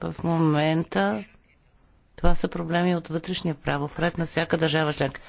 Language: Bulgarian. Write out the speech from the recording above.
В момента това са проблеми от вътрешния правов ред на всяка държава членка.